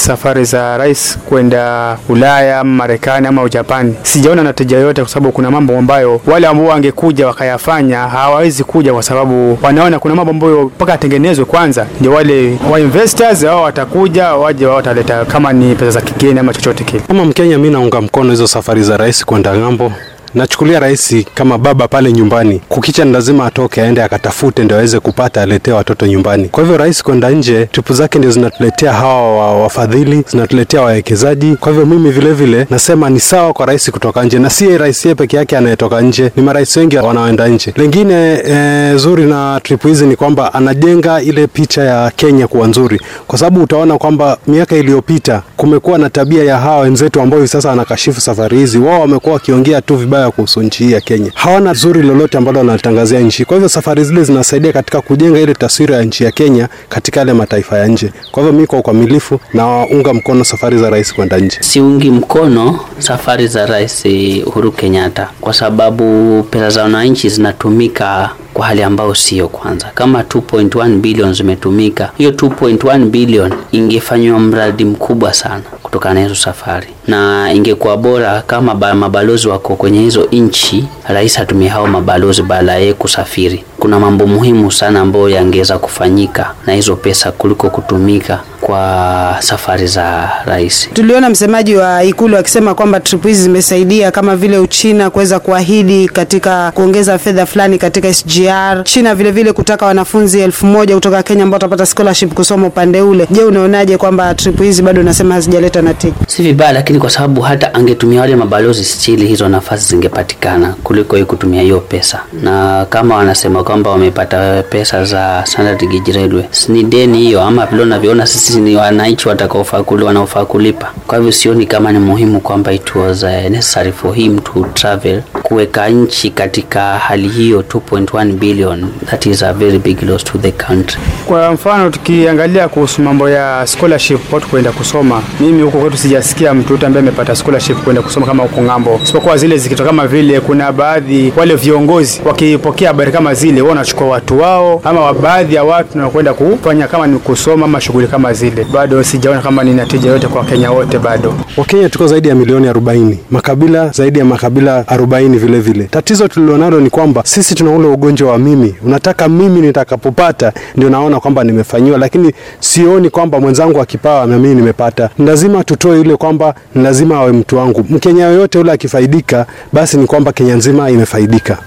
safari za rais kwenda Ulaya Marekani ama Ujapani, sijaona natija tija yoyote, kwa sababu kuna mambo ambayo wale ambao wangekuja wakayafanya hawawezi kuja, kwa sababu wanaona kuna mambo ambayo mpaka atengenezwe kwanza, ndio wale wa investors wao watakuja waje, wao wataleta kama ni pesa za kigeni ama chochote kile. Kama Mkenya, mi naunga mkono hizo safari za rais kwenda ng'ambo nachukulia rais kama baba pale nyumbani, kukicha ni lazima atoke aende akatafute ndio aweze kupata aletee watoto nyumbani. Kwa hivyo rais kwenda nje, tripu zake ndio zinatuletea hawa wafadhili, zinatuletea wawekezaji. Kwa hivyo mimi vilevile vile, nasema ni sawa kwa rais kutoka nje, na si rais ye peke yake anayetoka nje, ni marais wengi wanaoenda nje. Lengine e, eh, zuri na tripu hizi ni kwamba anajenga ile picha ya Kenya kuwa nzuri, kwa sababu utaona kwamba miaka iliyopita kumekuwa na tabia ya hawa wenzetu ambao hivi sasa wanakashifu safari hizi, wao wamekuwa wakiongea tu vibaya vibaya kuhusu nchi hii ya Kenya. Hawana zuri lolote ambalo wanatangazia nchi. Kwa hivyo safari zile zinasaidia katika kujenga ile taswira ya nchi ya Kenya katika yale mataifa ya nje. Kwa hivyo mimi kwa ukamilifu nawaunga mkono safari za rais kwenda nje. Siungi mkono safari za Rais Uhuru Kenyatta kwa sababu pesa za wananchi zinatumika kwa hali ambayo siyo. Kwanza, kama 2.1 billion zimetumika, hiyo 2.1 billion ingefanywa mradi mkubwa sana kutokana na hizo safari, na ingekuwa bora kama mabalozi wako kwenye hizo nchi, rais atumie hao mabalozi badala yeye kusafiri kuna mambo muhimu sana ambayo yangeweza kufanyika na hizo pesa kuliko kutumika kwa safari za rais. Tuliona msemaji wa Ikulu akisema kwamba trip hizi zimesaidia kama vile Uchina kuweza kuahidi katika kuongeza fedha fulani katika SGR, China vile vile kutaka wanafunzi elfu moja kutoka Kenya ambao watapata scholarship kusoma upande ule. Je, unaonaje kwamba trip hizi bado unasema hazijaleta na Si vibaya, lakini kwa sababu hata angetumia wale mabalozi stili, hizo nafasi zingepatikana kuliko hii kutumia hiyo pesa, na kama wanasema kwamba wamepata pesa za standard gauge railway. Ni deni hiyo, ama vile unavyoona sisi ni wananchi watakaofaa wanaofaa kulipa. Kwa hivyo sioni kama ni muhimu kwamba it was uh, necessary for him to travel kuweka nchi katika hali hiyo. 2.1 billion that is a very big loss to the country. Kwa mfano tukiangalia kuhusu mambo ya scholarship, watu kwenda kusoma, mimi huko kwetu sijasikia mtu yote ambaye amepata scholarship kwenda kusoma kama huko ng'ambo, isipokuwa zile zikitoka kama vile kuna baadhi wale viongozi wakipokea habari kama zile vile wao wanachukua watu wao ama baadhi ya watu na kwenda kufanya kama ni kusoma ama shughuli kama zile. Bado sijaona kama ni natija yote kwa Wakenya wote. Bado Wakenya tuko zaidi ya milioni 40, makabila zaidi ya makabila 40 vile vile. Tatizo tulilonalo ni kwamba sisi tuna ule ugonjwa wa mimi, unataka mimi nitakapopata ndio naona kwamba nimefanyiwa, lakini sioni kwamba mwenzangu akipawa na mimi nimepata. Lazima tutoe ile kwamba lazima awe mtu wangu. Mkenya yoyote ule akifaidika, basi ni kwamba Kenya nzima imefaidika.